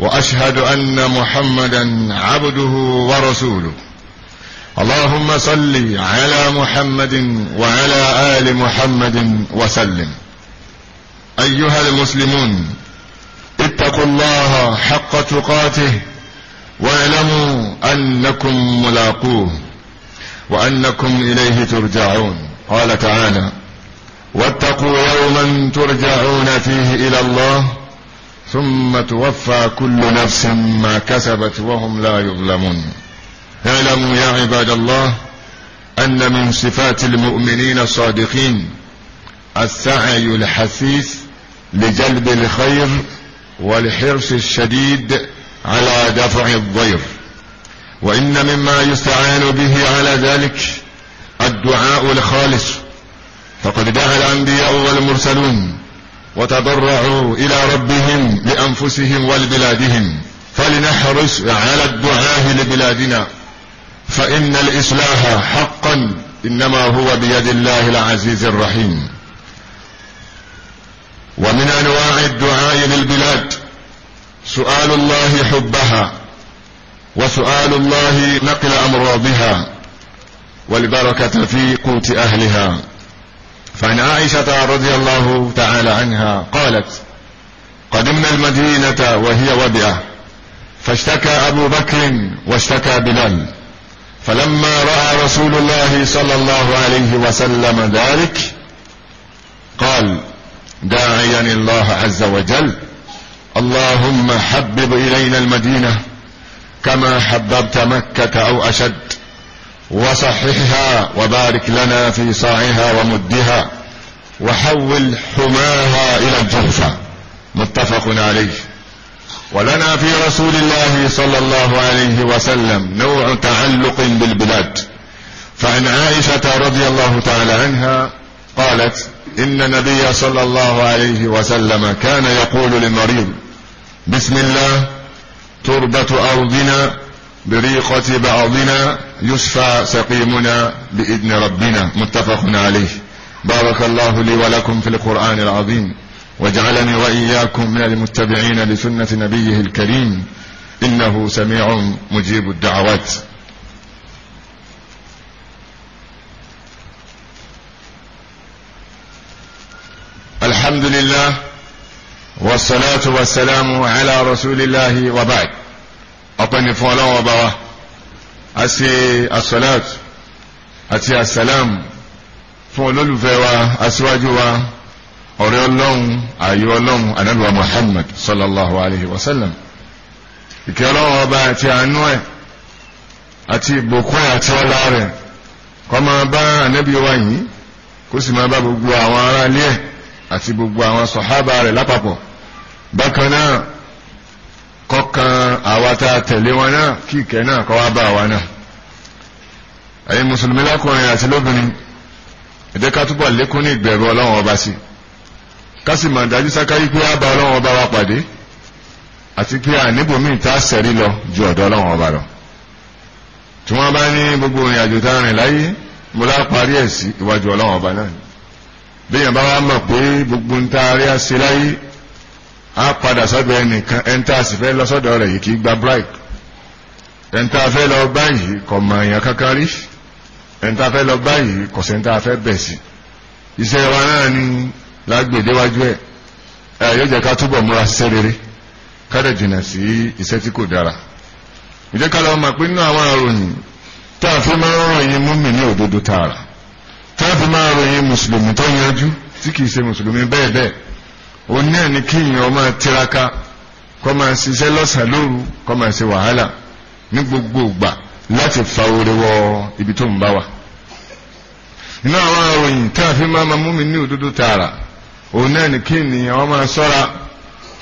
واشهد ان محمدا عبده ورسوله اللهم صل على محمد وعلى ال محمد وسلم ايها المسلمون اتقوا الله حق تقاته واعلموا انكم ملاقوه وانكم اليه ترجعون قال تعالى واتقوا يوما ترجعون فيه الى الله ثم توفى كل نفس ما كسبت وهم لا يظلمون اعلموا يا عباد الله أن من صفات المؤمنين الصادقين السعي الحثيث لجلب الخير والحرص الشديد على دفع الضير وإن مما يستعان به على ذلك الدعاء الخالص فقد دعا الأنبياء والمرسلون وتضرعوا إلى ربهم لأنفسهم ولبلادهم فلنحرص على الدعاء لبلادنا فإن الإصلاح حقا إنما هو بيد الله العزيز الرحيم ومن أنواع الدعاء للبلاد سؤال الله حبها وسؤال الله نقل أمراضها والبركة في قوت أهلها فعن عائشة رضي الله تعالى عنها قالت قدمنا المدينة وهي وبئة فاشتكى أبو بكر واشتكى بلال فلما رأى رسول الله صلى الله عليه وسلم ذلك قال داعيا الله عز وجل اللهم حبب إلينا المدينة كما حببت مكة أو أشد وصححها وبارك لنا في صاعها ومدها وحول حماها إلى الجحفة متفق عليه ولنا في رسول الله صلى الله عليه وسلم نوع تعلق بالبلاد فعن عائشة رضي الله تعالى عنها قالت إن النبي صلى الله عليه وسلم كان يقول للمريض بسم الله تربة أرضنا بريقة بعضنا يشفى سقيمنا باذن ربنا متفق عليه بارك الله لي ولكم في القران العظيم واجعلني واياكم من المتبعين لسنه نبيه الكريم انه سميع مجيب الدعوات الحمد لله والصلاه والسلام على رسول الله وبعد اطني فولان وبواه àṣe asolat àti asalam fún olólùfẹ́ wa aṣíwájú wa ọ̀rẹ́ ọlọ́run ààyè ọlọ́run anábìwá muhammad sallallahu alayhi wa sallam ìkẹ́ ọlọ́run ọba àti àánú ẹ̀ àti ìbùkún ẹ̀ àti ọlá rẹ̀ kó máa bá anábì wa yìí kó sì máa bá gbogbo àwọn aráalé ẹ̀ àti gbogbo àwọn sọ̀hábà rẹ̀ lápapọ̀ bákan náà kọkàn àwa tá a tẹ̀lé wọn náà kí ìkẹ́ náà kọ́ wá bá àwa náà ẹ̀yin mùsùlùmí lákùnrin àti lóbìnrin ẹ jẹ́ ká túbọ̀ lékún ní ìgbẹ̀rù ọlọ́run ọba sí ká sì mọ̀ dájú sákáyí pé á bá ọlọ́run ọba wa pàdé àti pé àníbòmíì tá a sẹ̀rí lọ ju ọ̀dọ̀ ọlọ́run ọba lọ tí wọ́n bá ní gbogbo ìrìn àjò tá a rìn láyé mo lá parí ẹ̀ sí iwájú ọlọ́run ọba náà a padà sọ́dọ̀ ẹnìkan ẹni a sì fẹ lọ sọ́dọ̀ yìí kì í gba bribe ẹni tá lọ báyìí kò mọ èèyàn kankan rí ẹni lọ báyìí kò sẹ́ni iṣẹ́ wa náà ni lágbèdéwájú rere jìnnà sí tí kò dára ká pé nínú àwọn tá a fi máa ń ròyìn múmi ní òdodo òun náà ni kéèyàn tiraka kó máa ṣiṣẹ́ lọ́sàn-án lóru kó máa ṣe wàhálà ní gbogbo ìgbà láti fa oore wọ ibi tó ń bá wa. nínú àwọn àròyìn tá a fi máa ma mú mi ní òdodo tààrà òun náà ni kéèyàn máa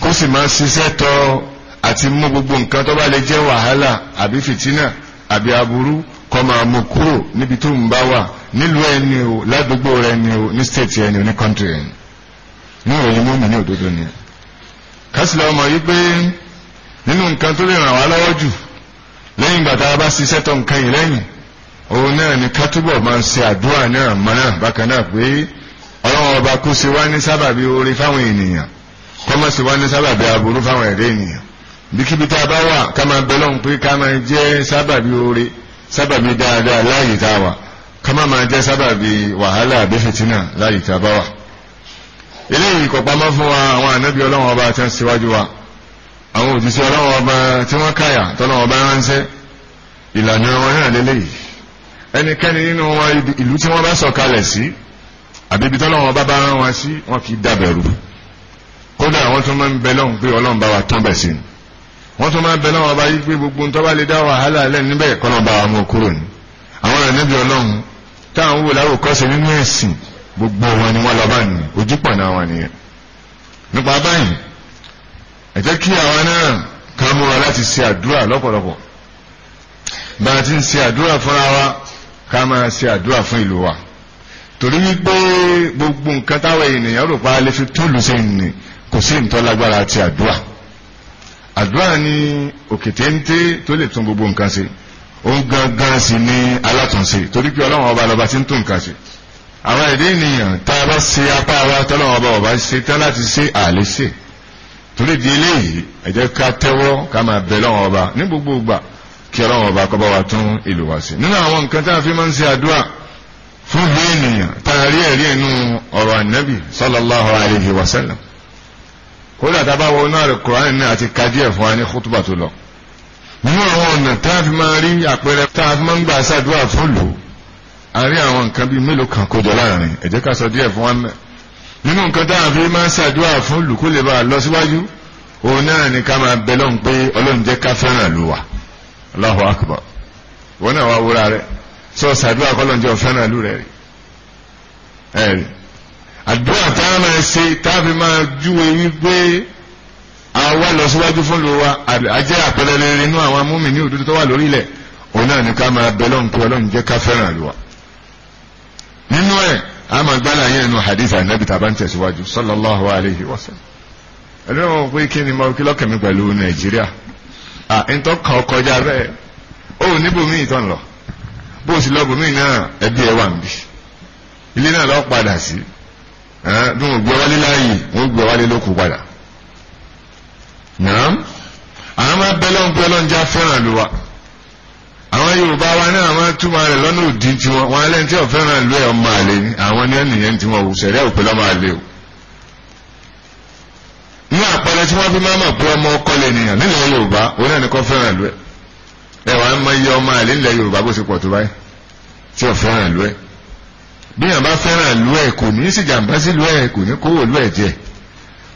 kó sì máa ṣiṣẹ́ tọ́ àti mú gbogbo nǹkan tó bá lè jẹ́ wàhálà àbí fìtínà àbí aburú kó máa mú kúrò níbi tó ń bá wa nílùú ẹni o ládùúgbò rẹ ni o ní stéètì ẹni o ní kọ́ńtìrì ẹni ní ìròyìn mọ́mì ní òdodo ni kásìlẹ̀ ọmọ yìí pé nínú nǹkan tó lè ràn wá lọ́wọ́ jù lẹ́yìn ìgbà tá a bá ṣiṣẹ́ tó nǹkan yìí lẹ́yìn òun náà ni kátúbọ̀ máa ń ṣe àdúrà náà mọ́ náà bákan náà pé ọlọ́run ọba kó ṣe wá ní sábàbí oore fáwọn ènìyàn kọ́mọ̀ ṣe wá ní sábàbí aburú fáwọn ẹ̀dẹ́ ènìyàn bíkíbi tá a bá wà ká máa bẹ lọ́hùn pé ká máa jẹ́ sábàbí oore sábàbí dáadáa láàyè tá a wà ká máa máa jẹ́ sábàbí wàhálà àbí fìtínà tá a bá wà eléyìí kò pamọ́ fún wa àwọn ànábì ọlọ́wọ́n ọba tí wọ́n síwájú wa àwọn òjíṣẹ́ ọlọ́wọ́n ọba tí wọ́n káyà tọ́lọ́wọ́n ọba ránṣẹ́ ìlànà wọn náà lélẹ́yìí ẹnikẹ́ni nínú wọn ìlú tí wọ́n bá sọ̀kalẹ̀ sí àbí ibi tọ́lọ́wọ́n ọba bá rán wọn sí wọn kì í dàbẹ̀rù kódà wọ́n tún máa ń bẹ lọ́hùn pé ọlọ́run bá wa tán bẹ̀ sí wọ́n tún máa ń bẹ lọ́hùn ọba yìí gbogbo wọn ni wọ́n lọ bá nìyẹn ojú pọ̀ náà wọn nìyẹn nípa báyìí ẹ jẹ́ kí àwọn náà ká múra láti ṣe àdúrà lọ́pọ̀lọpọ̀ bá a ti ń ṣe àdúrà fúnra wa ká máa ṣe àdúrà fún ìlú wa torí wípé gbogbo nǹkan táwọn ènìyàn rò pa lè fi túlù sí ni kò sí ìtọ́lágbára ti àdúrà àdúrà ni òkè téńté tó lè tún gbogbo nǹkan ṣe ó gangan sì ni alátúnṣe torí pé ọlọ́run ọba lọba ti ń tún nǹkan ṣe àwọn èdè ènìyàn tá a bá ṣe apá wa tọ́lọ́wọ́n ọba ọba ṣe tán láti ṣe àlè ṣe torí di eléyìí ẹ jẹ́ ká tẹ́wọ́ ká máa bẹ̀ lọ́wọ́n ọba ní gbogbo ìgbà kí ọlọ́wọ́n ọba kọ́ bá wa tún ìlú wa ṣe nínú àwọn nǹkan tá a fi máa ń ṣe àdúrà fún bí ènìyàn tá a rí ẹ̀rí ẹ̀nu ọ̀rọ̀ ànábì sallallahu alayhi wa sallam kódà tá a bá wọ inú àrẹ kùránì náà àti kájí ẹ̀ fún wa ní kútùbà tó lọ nínú àwọn ọ̀nà tá a fi máa rí àpẹẹrẹ tá a fi máa ń gbà ṣàdúrà fún lòó a rí àwọn nǹkan bíi mélòó kan kójọ láàrin ẹ jẹ́ ká sọ díẹ̀ fún wa mẹ́ nínú nǹkan táwọn fi máa ń ṣàdúrà fún ìlú kó a lọ síwájú òun náà ni ká máa bẹ lọ́hùn pé ọlọ́run jẹ́ ká fẹ́ràn ìlú wa Allahu akbar wọn náà wá wúra rẹ sọ ṣàdúrà kọ́lọ́run jẹ́ fẹ́ràn ìlú rẹ rí ẹ rí àdúrà táwọn máa ṣe táàfin máa júwe wípé àwa lọ síwájú fún ìlú wa àjẹ́ àpẹẹrẹ rere inú àwọn amúmi ní òdodo tó nínú a máa gbálà yẹn hadith anabi tàbá ń sallallahu alayhi wa sallam ẹni wọn kí ni mo kí lọ́kàn mi nàìjíríà à ń tọ́ka ọkọjá bẹ́ẹ̀ ó lọ bó o sì lọ bòmíì náà ẹbí ẹ wà ń ilé náà lọ́ọ́ padà sí bí wọ́n gbé wálé láàyè wọ́n gbé wálé lóko padà. nàám àwọn máa àwọn yorùbá wa náà máa túmọ̀ rẹ̀ lọ́nà òdì tí wọ́n wọn alẹ́ ní tí wọ́n fẹ́ràn ìlú ẹ̀ ọmọ àlè ni àwọn ní ẹnìyẹn tí wọ́n wù sẹ̀rẹ́ òpè lọ́mọ àlè o. ní àpẹẹrẹ tí wọ́n fi máa mọ̀ pé ọmọ ọkọ lè nìyàn nílẹ̀ yorùbá òun náà ní kọ́ fẹ́ràn ìlú ẹ̀ ẹ̀ wàá mọ iye ọmọ àlè nílẹ̀ yorùbá bó ṣe pọ̀ tó báyìí tí wọ́n fẹ́ràn ìlú bí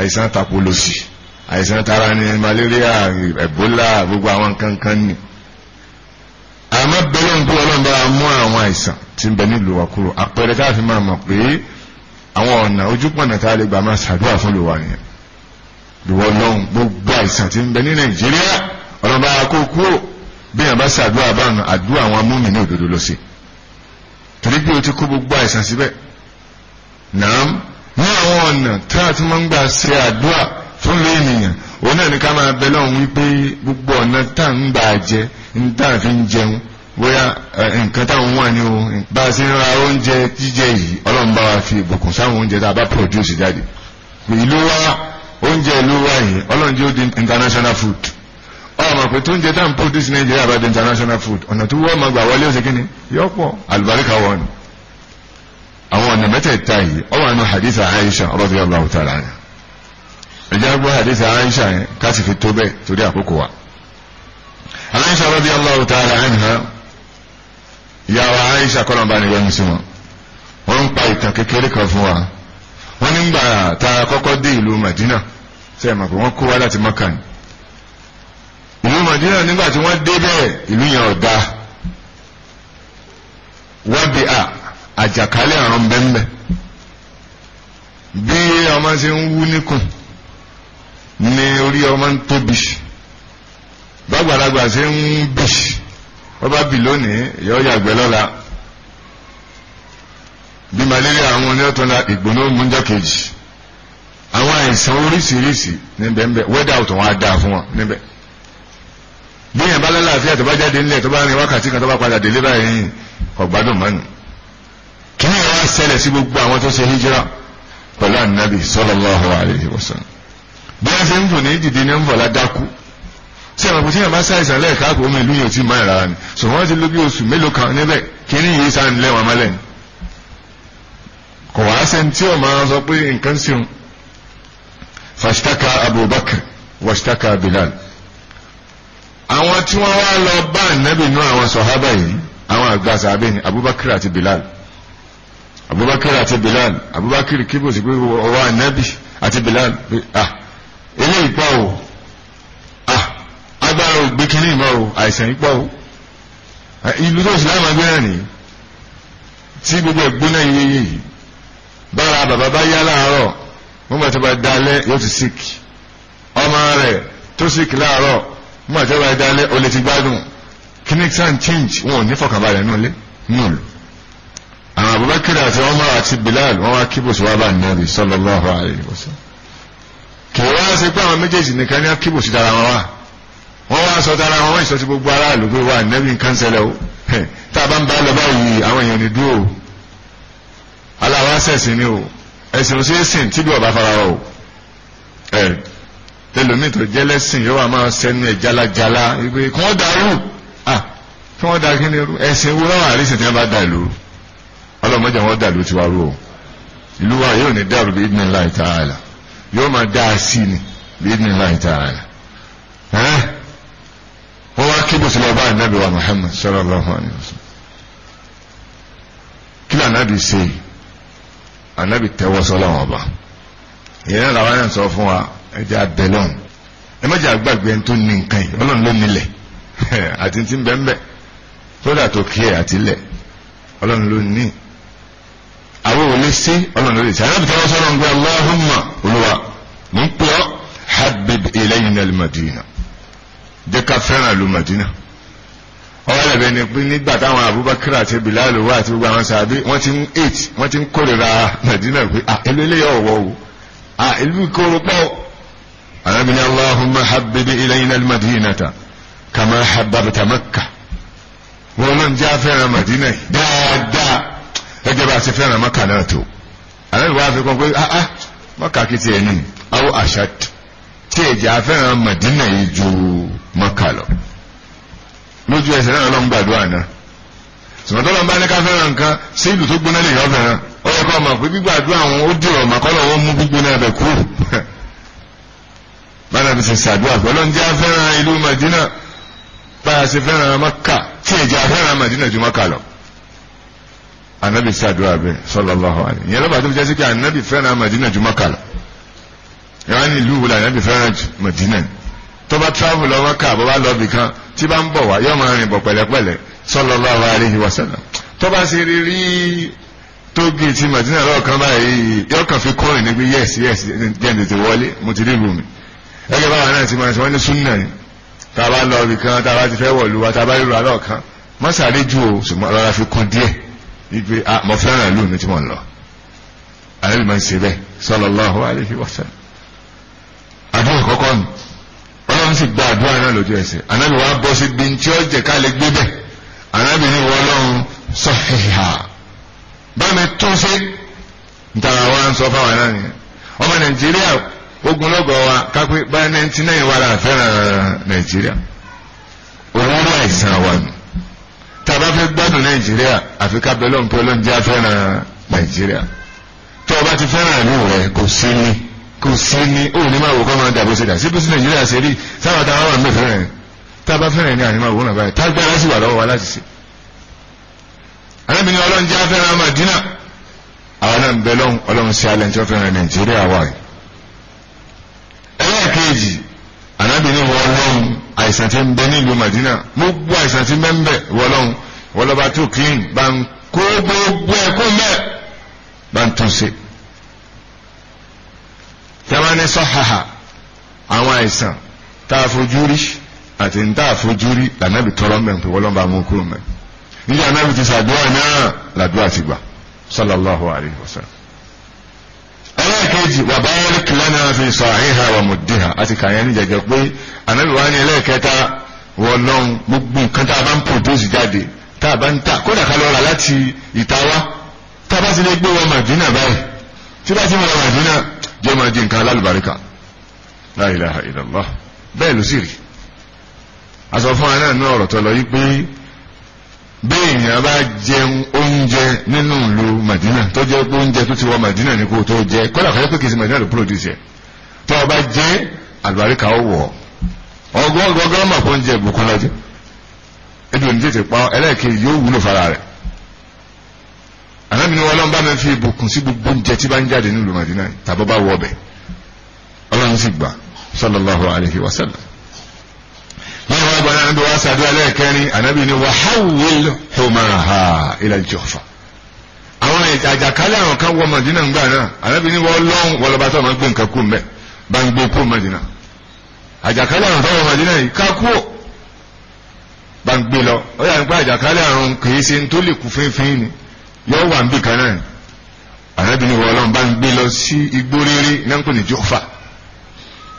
àìsàn tapolosi àìsàn tara ni malaria ebola gbogbo àwọn nǹkan kan ni àmọ́ bẹ́lẹ̀ ń pé ọlọ́run bá mú àwọn àìsàn tí ń bẹ nílùú wa kúrò àpẹẹrẹ tá a fi máa mọ̀ pé àwọn ọ̀nà ojúpọ̀nà tá a lè gbà máa ṣàdúrà fún lùwà nìyẹn lùwọ́ ọlọ́run gbogbo àìsàn tí ń bẹ ní nàìjíríà ọlọ́run bá kó kúrò bí yàn bá ṣàdúrà bá ọ̀nà àdúrà àwọn amúmi ní òdodo lọ sí torí bí o ti kó gbogbo àìsàn síbẹ̀ nàám àwọn ọ̀nà tí a ti máa ń gbà ṣe àdúrà fún ènìyàn òun náà ní ká máa bẹ lọ́hùn wípé gbogbo ọ̀nà tá à gbà jẹ fi ń jẹun bóyá nǹkan táwọn wà ní o bá a ṣe ń ra oúnjẹ jíjẹ yìí ọlọ́run bá wa fi ìbùkún sáwọn oúnjẹ tá a bá oúnjẹ ìlú wa yìí ọlọ́run jẹ́ international food ọmọ pé tó ń jẹ Nàìjíríà bá di international food ọ̀nà tó wọ́ ọmọ gbà wọlé ọ̀sẹ̀ kínní àlùbáríkà wọ̀ ni. àwọn ọ̀nà mẹ́tẹ̀ẹ̀ta yìí ó wà hadith Aisha radiyallahu ta'ala anha ẹ̀jẹ̀ gbọ́ hadith Aisha yẹn káti fi tó bẹ́ẹ̀ torí àkókò wa Aisha radiyallahu ta'ala anha ìyá wa Aisha kọ́nà bá nìyẹn sí wọn wọ́n ń pa ìtàn kékeré kan fún wa wọ́n nígbà tá a kọ́kọ́ dé ìlú Madina sẹ́yìn mọ̀ pé wọ́n kó wa láti Mọ́kà ni ìlú Madina nígbà tí wọ́n dé bẹ́ẹ̀ ìlú yẹn ọ̀dà wábìá àjàkálẹ̀ àrùn bẹ́ńbẹ́ bí ọmọ ṣe ń wú níkùn ni orí ọmọ ń tóbi bàgbàlagbà ṣe ń bì ọba bì lónìí yọ yàgbẹ́ lọ́la bí malaria àwọn oníyọ̀tọ́lá ìgbóná múnjọ́ kejì àwọn àìsàn oríṣiríṣi níbẹ̀ níbẹ̀ wẹ́dà ọ̀tọ̀ wọn á dáa fún wọn níbẹ̀ bí yẹn bá lálàáfíà tó bá jáde nílẹ̀ tó bá rin wákàtí kan tó bá padà délé báyìí kò mọ́nu wá ṣẹlẹ̀ sí gbogbo àwọn tó ṣe hijira pẹ̀lú ànábì sallallahu alaihi wasallam bí wọ́n ṣe ń fò ní ìdìdí ní ń fọ̀ ládákú tí àwọn òkúté àbá ṣàìsàn lẹ́ẹ̀ká kò mọ ìlú yẹn tí máa rà ni sọ wọ́n ti ló bí oṣù mélòó kan níbẹ̀ kíní yìí sá ń lẹ́wọ̀n mọ́lẹ̀ ni kò wá sẹ́ni tí ọ̀ máa sọ pé nǹkan sí òun fashtaka abubakar washtaka bilal àwọn tí wọ́n wá lọ bá ànábì nú àwọn sọ̀hábà yìí àwọn àgbà sàbẹ̀ ni abubakar àti bilal abubakar àti bilal abubakar kí kò sí pé ọwọ́ anabi àti bilal ah eléyìí pa o ah agbára ò gbé kínní ìmọ̀ o àìsàn yìí pa o ah, ìlú tó sì láwọn agbẹ́rẹ́ nìyí tí gbogbo ẹ̀gbóná yìí yìí bára bàbá bá yá láàárọ̀ wọ́n bá tó bá dalẹ̀ yóò ti sick ọmọ rẹ̀ tó sick láàárọ̀ wọ́n bá tó bá dalẹ̀ ó ti gbádùn clinic and change wọn ò ní fọkànbalẹ̀ nù lé nù lò. Abubakar àti Umar àti Bilal wọ́n wá kí bùsùn wá bá nàbì sallallahu alaihi wasallam kì í wá ṣe pé àwọn méjèèjì nìkan ní kí bùsùn dára wọn wá wọ́n wá sọ dára wọn wọ́n ìsọ ti gbogbo aráàlú pé wà nàbì nǹkan ṣẹlẹ̀ o tá a bá ń bá lọ báyìí àwọn èèyàn ní dúró aláwa sẹ̀sìn ni o ẹ̀sìn òsì ẹ̀sìn tíbi ọ̀bá fara wa o ẹ̀ ẹlòmíì tó jẹ́ yóò wá máa sẹ́nu ẹ̀ jalajala ìgbé kí wọ́n darú ah kí wọ́n da kí ni ẹ̀sìn wo láwọn àrísìn tí wọ́n wọn dàlú ti wá rú o ìlú wa yóò ní dàrú bí idina láì ta àlà yóò máa dá a sí ni bí idina láì ta àlà wọ́n wá kí bá ànábì wa Muhammad sallallahu alayhi wa sallam kí ló ànábì ṣe ànábì tẹ́wọ́ sọ́lọ́wọ́n ọba ìyẹn náà làwọn náà sọ fún wa ẹja abẹ́lọ́n ẹ má jẹ́ àgbàgbé ẹni tó ní nǹkan yìí ọlọ́run ló nílẹ̀ àti ti ń bẹ́ẹ̀ bẹ́ẹ̀ sódà tó kí ẹ àtìlẹ̀ ọlọ́run ló ní àwọn ò lè sí ọlọ́run lórí ìtàn àti tọ́lá sọ́nà ń gbé aláhùnmá olúwa mò ń pè ọ́ habib ilayna al-madina jẹ́ ká fẹ́ràn ìlú madina ọwọ́ ẹ̀bẹ̀ ni pé nígbà táwọn abubakar àti bilal wà àti gbogbo àwọn sàbí wọ́n ti ń eight wọ́n ti ń kórìíra madina pé à ah, ìlú eléyà ọ̀wọ́ o à ah, ìlú ìkóró pọ̀ ànábi aláhùnmá habib ilayna al-madinata kàmá habab tamaka wọn náà ń jẹ́ afẹ́ràn madina dáadáa gẹ́gẹ́ bá a ṣe fẹ́ràn mọ́kà náà tó àlẹ́bí wa fi kọ́ pé ah ah mọ́kà kìí ti ẹ̀ nìyí awo àṣà tí èjà fẹ́ràn mọ̀dínà yìí ju mọ́kà lọ lójú ẹsẹ̀ náà lọ́n gbàdúrà náà sọ̀tọ́ lọ́n bá ní ká fẹ́ràn nǹkan sí ìlú tó gbóná lè yọ fẹ́ràn ó yẹ kọ́ ọmọ pé gbígbàdúrà àwọn ó dìrọ̀ mà kọ́ lọ́wọ́ mú gbígbóná ẹ̀bẹ̀ kúrò bára fi ṣe ṣàdúrà pé ọlọ́run jẹ́ afẹ́ràn ìlú mọ̀dínà bára ṣe fẹ́ràn mọ́kà tí èjà fẹ́ràn mọ̀dínà ju mọ́kà lọ anabi ṣàdúrà bẹ́ẹ̀ sallallahu alaihi ìyẹn lọ́ba tó fi jẹ́ anabi fẹ́ràn madina ju maka lọ ìyẹn ní ìlú wòlò anabi fẹ́ràn madina tó travel lọ maka bó bá lọ bì kan tí bá ń bọ̀ wá yóò máa rìn bọ̀ pẹ̀lẹ́pẹ̀lẹ́ sallallahu alaihi wasallam tó bá ṣe rí rí tóge ti madina lọ́ọ̀kan báyìí yóò kàn fi kọ́rin ní pé yẹ́sì yẹ́sì jẹ́ tètè wọlé mo ti rí ibùmí ẹgbẹ́ báwa náà ti máa ṣe wọ́n ní ni tá a bá lọ bì kan tá ti fẹ́ wọ̀lú wa tá a bá rí ra lọ́ọ̀kan mọ́sàárẹ́ ju o ṣùgbọ́n rárá fi kún díẹ̀ wípé ah mo fẹ́ràn ìlú mi tí mo ń lọ àlẹ́lì máa ń ṣe bẹ́ẹ̀ sallallahu alaihi wasallam àdúrà kọ́kọ́ nù ọlọ́run sì gba àdúrà náà lójú ẹsẹ̀ anábì wa bọ́ sí bí tí ó jẹ ká lè gbé bẹ́ẹ̀ anábì ní wọ́n lọ́run sọ̀hìhà bámi tún ṣe ntara wa ń sọ fáwọn náà nìyẹn ọmọ nàìjíríà ogunlọ́gọ̀ wa kápẹ́ báyìí náà ti náà wà láàfẹ́ràn nàìjíríà òwúrọ̀ àìsàn wa nù tàbá fẹ́ gbádùn nàìjíríà àfi ká bẹ lọ́npẹ́ ọlọ́njẹ́ afẹ́ràn nàìjíríà tó o bá ti fẹ́ràn ìlú rẹ kò sí ní kò sí ní òun ní máa wò kọ́ máa dàbò ṣe dà síbi sí nàìjíríà ṣe rí sábà táwọn wà mẹ́fẹ́ rẹ̀ tábà fẹ́ràn ní ànímọ̀ òun náà báyìí tágbára sì wà lọ́wọ́ wa láti ṣe. alábìnrin ọlọ́njẹ́ afẹ́ràn Madina àwọn náà ń bẹ lọ́hùn ọlọ́run sí alẹ́ ní tí arábìnrin wọ ọlọ́run àìsàn ti ń bẹ nílùú Madina mo gbọ́ àìsàn ti mẹ́ńbẹ̀ wọ ọlọ́run wọlọ́ba tó clean bá ń kó gbogbo ẹ̀kọ́ mẹ́ bá ń tún ṣe. tẹ́wọ́nì sọ́hàhà àwọn àìsàn tá a fojú rí àti ń tá a fojú rí lànàbì tọrọ mẹ́ pé wọlọ́ba mú kúrò mẹ́ nígbà náà ti sàdúrà náà làdúrà ti gbà sallallahu alayhi wa sallam ẹlẹ́ẹ̀kejì wa barik lana fi sa'iha wa muddiha àti kàyẹ́ ní jẹjẹ pé ànábì wa ní ẹlẹ́ẹ̀kẹta wọlọ́n gbogbo nǹkan tá a bá ń pòpósì jáde tá a bá ń ta kódà ká lọ rà láti ìta wá tá a bá ti lè gbé wọn màdínà báyìí tí bá ti wọn màdínà jẹ́ máa di nǹkan alálùbáríkà la ilaha bẹ́ẹ̀ ló sì rí àsọ fún ní ọ̀rọ̀ tó yí pé béèyàn bá jẹun oúnjẹ nínú ìlú Madina tó jẹ́ pé oúnjẹ tó ti wọ Madina ní kò tó jẹ kọ́lá kọ́lá pé kì í ṣe Madina ló produce ẹ̀ tó o bá jẹ àlùbáríkà ó wọ̀ ọgbọ́n gbọ́ngàn mọ̀ fún oúnjẹ ìbùkún lọ́jọ́ ẹ̀dùn ní tètè pa ẹlẹ́ẹ̀kejì yóò wúlò fara rẹ̀ ànábìnrin wọn lọ́nba máa fi ìbùkún sí gbogbo oúnjẹ tí Madina tàbí bá wọ ọbẹ̀ ọlọ́run sì gbà ọlọ́run ọba náà ń bẹ wá sàdúrà lẹ́ẹ̀kẹrin ànábì ni wàháwìl homaha ilẹ̀ jọ̀fà àwọn àjàkálẹ̀ àwọn kan wọ mọ̀dínà ńgbà náà ànábì ni wọ́n lọ́hùn wọlọ́ba tó máa gbé nǹkan kú mbẹ́ bá ń gbé kú mọ̀dínà àjàkálẹ̀ àwọn tó wọ mọ̀dínà yìí ká kú bá ń gbé lọ ó yà ń pẹ́ àjàkálẹ̀ àrùn kìí ṣe tó lè kú fínfín ni yóò wà ń bì kan náà ànábì ni wọ́n lọ́hùn bá ń gbé lọ sí igbó rere náà ń pè ní jọ̀fà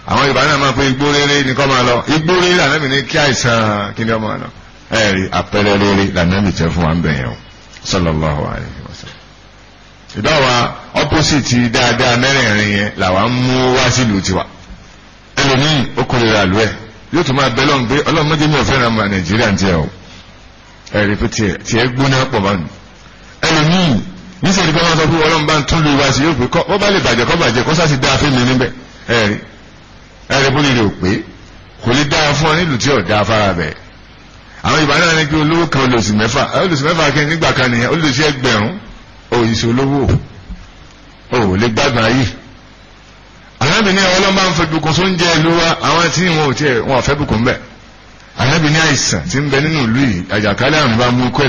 àwọn yorùbá náà máa fi igbó rere ni máa lọ igbó rere lànàmì ní kí àìsàn kí ọmọ lọ ẹ rí àpẹẹrẹ rere lànàmì fún wa ń bẹ̀yẹn o sallallahu alaihi wasallam. ìdáwà opposite dáadáa yẹn làwa ń mú wá tiwa ẹlòmíì ó ẹ yóò tún máa gbé mi ò fẹ́ràn ọmọ nàìjíríà ń tiẹ̀ o ẹ rí tiẹ̀ gbóná pọ̀ bá nù ẹlòmíì sọ pé ń tún lu sí yóò kọ́ ti dáa fún ẹ̀rẹ́ bó nílé ò pé kò lè dáa fún ọ nílùú tí ò dáa fara bẹ̀ àwọn ìbá náà ní pé olówó kan olùsì mẹ́fà olùsì mẹ́fà kí nígbà kan nìyẹn olùsì ẹgbẹ̀rún òyìnbó olówó ò lè gbàgbà yìí ànábì ní ọlọ́mọ àwọn fẹ́bùkún tó ń jẹ ìlú wa àwọn tí wọn ò tiẹ̀ wọn ò fẹ́bùkún bẹ̀ ànábì ní àìsàn tí ń bẹ nínú ìlú yìí àjàkálẹ̀ àrùn bá mú kọ́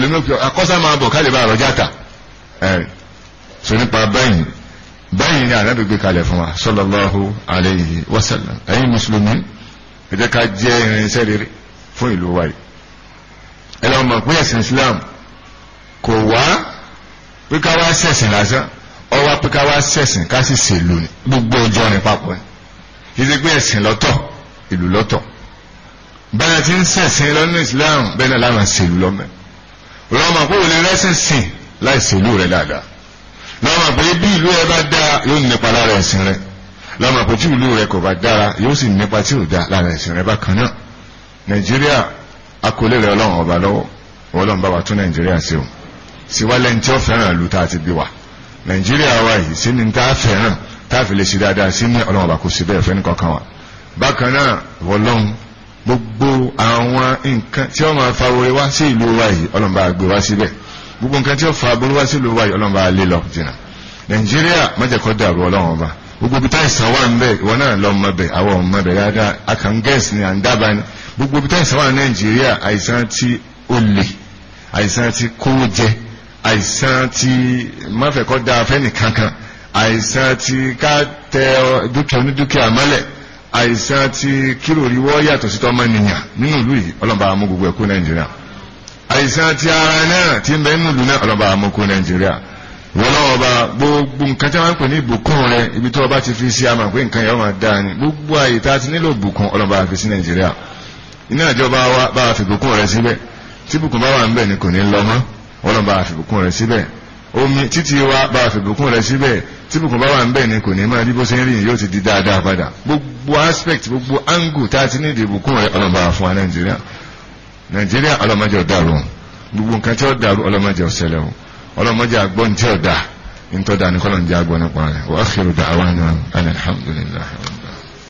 ẹ̀ sọ báyìí ni ànábì gbé kalẹ̀ fún wa sallallahu alayhi wa sallam ẹ̀yin mùsùlùmí ẹ jẹ́ ká jẹ́ irinṣẹ́ rere fún ìlú wa yìí ẹ lọ́wọ́ mọ̀ pé ẹ̀sìn islam kò wá pé ká wá ṣẹ̀sìn lásán ó wá pé ká wá ṣẹ̀sìn ká sì ṣèlú ni gbogbo ọjọ́ ni papọ̀ ni kì pé ẹ̀sìn lọ́tọ̀ ìlú lọ́tọ̀ bẹ́ẹ̀ ti ń ṣẹ̀sìn lọ́nà islam bẹ́ẹ̀ náà láwọn ṣèlú lọ́mọ ìrọ̀mọ̀ pé òun lọ́mọ pé bí ìlú ẹ bá dáa yóò nípa lára ẹ̀sìn rẹ lọ́mọ pé tí ìlú rẹ kò bá dára yóò sì nípa tí ò dáa lára ẹ̀sìn rẹ bákan náà nàìjíríà akọlé rẹ ọlọ́run ọba lọ́wọ́ ọlọ́run bá wa tún nàìjíríà sí o síwálẹ̀ ní tí ó fẹ́ràn ìlú tá a ti bí wa nàìjíríà wa yìí sí ni tá a fẹ́ràn tá a fi lè ṣe dáadáa sí ní ọlọ́run ọba kò sí bẹ́ẹ̀ fẹ́ni kankan wa bákan náà wọlọ́run gbogbo àwọn nǹkan tí wọ́n máa fa oore wá sí ìlú wa yìí ọlọ́run bá gbé wá síbẹ̀ gbogbo nǹkan tí ó fa aburú wá sílùú wáyé ọlọ́run bá lé lọ jìnnà nàìjíríà májèkọ́ dàrú ọlọ́run ọba gbogbo ibi táyì sàn wà ń bẹ ìwọ náà lọ mọ bẹ àwọn ọmọ bẹ dáadáa akangẹ́sì ni à ń dábàá ni gbogbo ibi táyì sàn wà ní nàìjíríà àìsàn ti olè àìsàn ti kówó jẹ àìsàn ti máfẹ̀kọ́ da afẹ́nì kankan àìsàn ti ká tẹ dúkìá onídúkìá mọ́lẹ̀ àìsàn ti kíròrí wọ́ yàtọ̀ sí tọ́mọ nìyàn nínú ìlú yìí ọlọ́mọba amú gbogbo ẹ̀kú nàìjíríà àìsàn ti ara náà ti ń bẹ nínú ìlú náà ọlọ́ba àmọ́kó nàìjíríà wọ́n náà ọba gbogbo nǹkan tí wọ́n ń pè ní ìbùkún rẹ ibi tí wọ́n ti fi sí àmà pé nǹkan yẹn wọ́n dáa ni gbogbo àyè tá a ti nílò ìbùkún ọlọ́ba àfi sí nàìjíríà iná ìjọba wa bá a fi ìbùkún rẹ síbẹ̀ tí ìbùkún bá wà ń bẹ̀ ni kò ní lọ mọ́ ọlọ́ba àfi ìbùkún rẹ síbẹ̀ omi títí wa bá a fi ìbùkún rẹ síbẹ̀ tí ìbùkún bá wà ń bẹ̀ ni kò ní máa bí bó ṣe ń rìn yóò ti di dáadáa padà gbogbo aspect gbogbo angle tá a ti ní ìdìbùkún rẹ ọlọ́ba àfún nàìjíríà nàìjíríà ọlọ́mọdé ọ̀dàrú gbogbo nǹkan tí ó dàrú ọlọ́mọdé ọ̀sẹ̀lẹ̀ o ọlọ́mọdé àgbọ̀n tí ọ̀dà ń tọ́ da ní kọ́lọ̀ ń jẹ́ àgbọ̀n nípa rẹ̀ wọ́n á fi rò dà àwọn àná alhamdulillah.